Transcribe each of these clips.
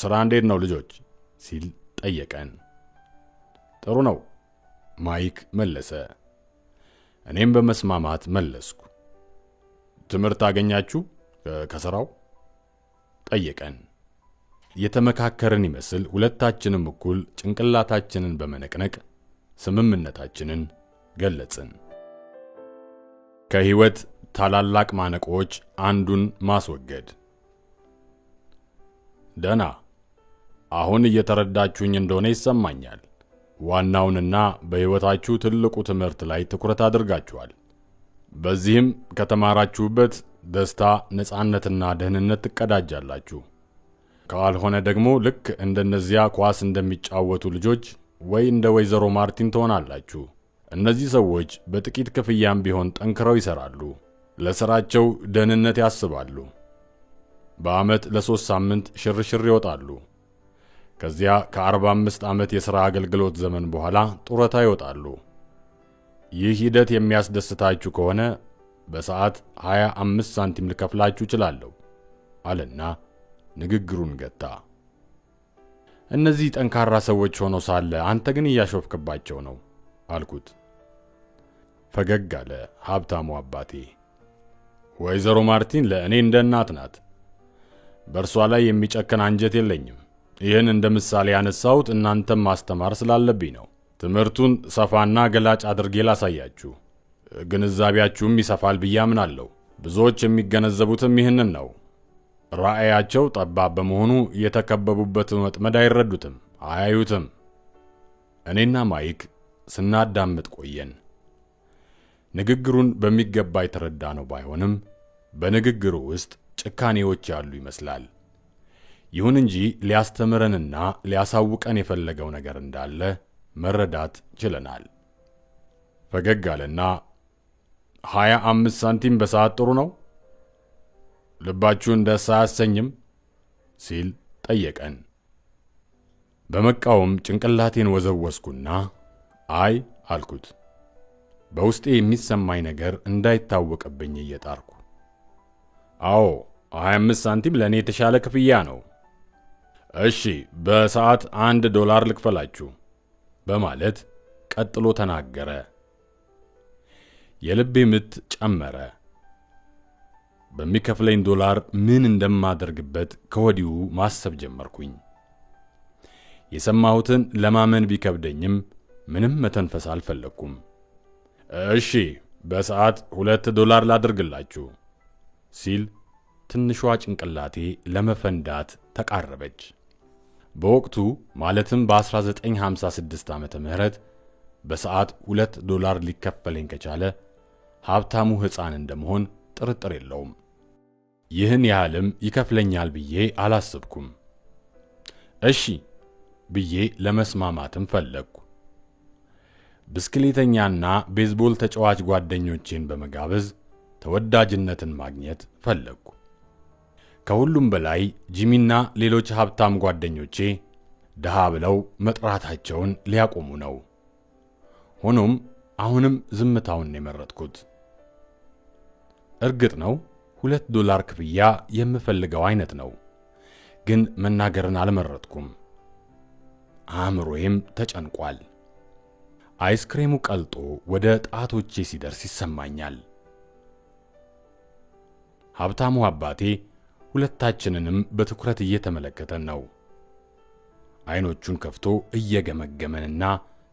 ስራ እንዴት ነው ልጆች ሲል ጠየቀን። ጥሩ ነው ማይክ መለሰ። እኔም በመስማማት መለስኩ። ትምህርት አገኛችሁ ከስራው ጠየቀን። የተመካከርን ይመስል ሁለታችንም እኩል ጭንቅላታችንን በመነቅነቅ ስምምነታችንን ገለጽን። ከህይወት ታላላቅ ማነቆዎች አንዱን ማስወገድ ደና አሁን እየተረዳችሁኝ እንደሆነ ይሰማኛል። ዋናውንና በሕይወታችሁ ትልቁ ትምህርት ላይ ትኩረት አድርጋችኋል። በዚህም ከተማራችሁበት ደስታ፣ ነፃነትና ደህንነት ትቀዳጃላችሁ። ካልሆነ ደግሞ ልክ እንደነዚያ ኳስ እንደሚጫወቱ ልጆች ወይ እንደ ወይዘሮ ማርቲን ትሆናላችሁ። እነዚህ ሰዎች በጥቂት ክፍያም ቢሆን ጠንክረው ይሰራሉ፣ ለሥራቸው ደህንነት ያስባሉ። በዓመት ለሦስት ሳምንት ሽርሽር ይወጣሉ። ከዚያ ከ45 ዓመት የሥራ አገልግሎት ዘመን በኋላ ጡረታ ይወጣሉ። ይህ ሂደት የሚያስደስታችሁ ከሆነ በሰዓት 25 ሳንቲም ልከፍላችሁ እችላለሁ አለና ንግግሩን ገታ። እነዚህ ጠንካራ ሰዎች ሆነው ሳለ አንተ ግን እያሾፍክባቸው ነው አልኩት። ፈገግ አለ ሀብታሙ አባቴ። ወይዘሮ ማርቲን ለእኔ እንደ እናት ናት። በእርሷ ላይ የሚጨክን አንጀት የለኝም። ይህን እንደ ምሳሌ ያነሳሁት እናንተም ማስተማር ስላለብኝ ነው። ትምህርቱን ሰፋና ገላጭ አድርጌ ላሳያችሁ፣ ግንዛቤያችሁም ይሰፋል ብዬ አምናለሁ። ብዙዎች የሚገነዘቡትም ይህንን ነው። ራእያቸው ጠባብ በመሆኑ የተከበቡበትን ወጥመድ አይረዱትም፣ አያዩትም። እኔና ማይክ ስናዳምጥ ቆየን። ንግግሩን በሚገባ የተረዳ ነው ባይሆንም በንግግሩ ውስጥ ጭካኔዎች ያሉ ይመስላል። ይሁን እንጂ ሊያስተምረንና ሊያሳውቀን የፈለገው ነገር እንዳለ መረዳት ችለናል። ፈገግ አለና ሀያ አምስት ሳንቲም በሰዓት ጥሩ ነው፣ ልባችሁን ደስ አያሰኝም ሲል ጠየቀን። በመቃወም ጭንቅላቴን ወዘወዝኩና አይ አልኩት። በውስጤ የሚሰማኝ ነገር እንዳይታወቅብኝ እየጣርኩ አዎ 25 ሳንቲም ለእኔ የተሻለ ክፍያ ነው እሺ በሰዓት አንድ ዶላር ልክፈላችሁ በማለት ቀጥሎ ተናገረ። የልቤ ምት ጨመረ። በሚከፍለኝ ዶላር ምን እንደማደርግበት ከወዲሁ ማሰብ ጀመርኩኝ። የሰማሁትን ለማመን ቢከብደኝም ምንም መተንፈስ አልፈለግኩም። እሺ በሰዓት ሁለት ዶላር ላድርግላችሁ ሲል ትንሿ ጭንቅላቴ ለመፈንዳት ተቃረበች። በወቅቱ ማለትም በ1956 ዓ ም በሰዓት 2 ዶላር ሊከፈለኝ ከቻለ ሀብታሙ ሕፃን እንደመሆን ጥርጥር የለውም። ይህን ያህልም ይከፍለኛል ብዬ አላስብኩም። እሺ ብዬ ለመስማማትም ፈለግኩ። ብስክሌተኛና ቤዝቦል ተጫዋች ጓደኞቼን በመጋበዝ ተወዳጅነትን ማግኘት ፈለግኩ። ከሁሉም በላይ ጂሚና ሌሎች ሀብታም ጓደኞቼ ድሃ ብለው መጥራታቸውን ሊያቆሙ ነው። ሆኖም አሁንም ዝምታውን የመረጥኩት። እርግጥ ነው ሁለት ዶላር ክፍያ የምፈልገው አይነት ነው፣ ግን መናገርን አልመረጥኩም። አእምሮዬም ተጨንቋል። አይስክሬሙ ቀልጦ ወደ ጣቶቼ ሲደርስ ይሰማኛል። ሀብታሙ አባቴ ሁለታችንንም በትኩረት እየተመለከተን ነው። አይኖቹን ከፍቶ እየገመገመንና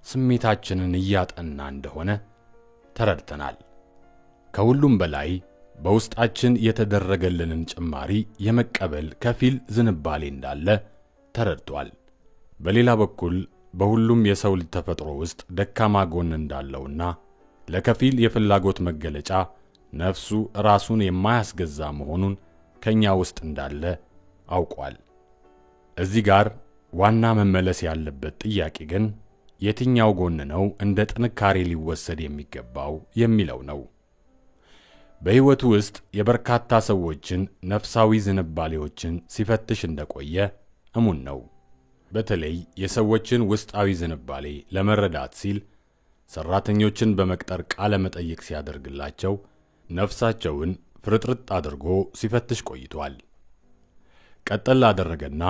ስሜታችንን እያጠና እንደሆነ ተረድተናል። ከሁሉም በላይ በውስጣችን የተደረገልንን ጭማሪ የመቀበል ከፊል ዝንባሌ እንዳለ ተረድቷል። በሌላ በኩል በሁሉም የሰው ልጅ ተፈጥሮ ውስጥ ደካማ ጎን እንዳለውና ለከፊል የፍላጎት መገለጫ ነፍሱ ራሱን የማያስገዛ መሆኑን ከኛ ውስጥ እንዳለ አውቋል። እዚህ ጋር ዋና መመለስ ያለበት ጥያቄ ግን የትኛው ጎን ነው እንደ ጥንካሬ ሊወሰድ የሚገባው የሚለው ነው። በሕይወቱ ውስጥ የበርካታ ሰዎችን ነፍሳዊ ዝንባሌዎችን ሲፈትሽ እንደቆየ እሙን ነው። በተለይ የሰዎችን ውስጣዊ ዝንባሌ ለመረዳት ሲል ሰራተኞችን በመቅጠር ቃለ መጠይቅ ሲያደርግላቸው ነፍሳቸውን ፍርጥርጥ አድርጎ ሲፈትሽ ቆይቷል። ቀጠል አደረገና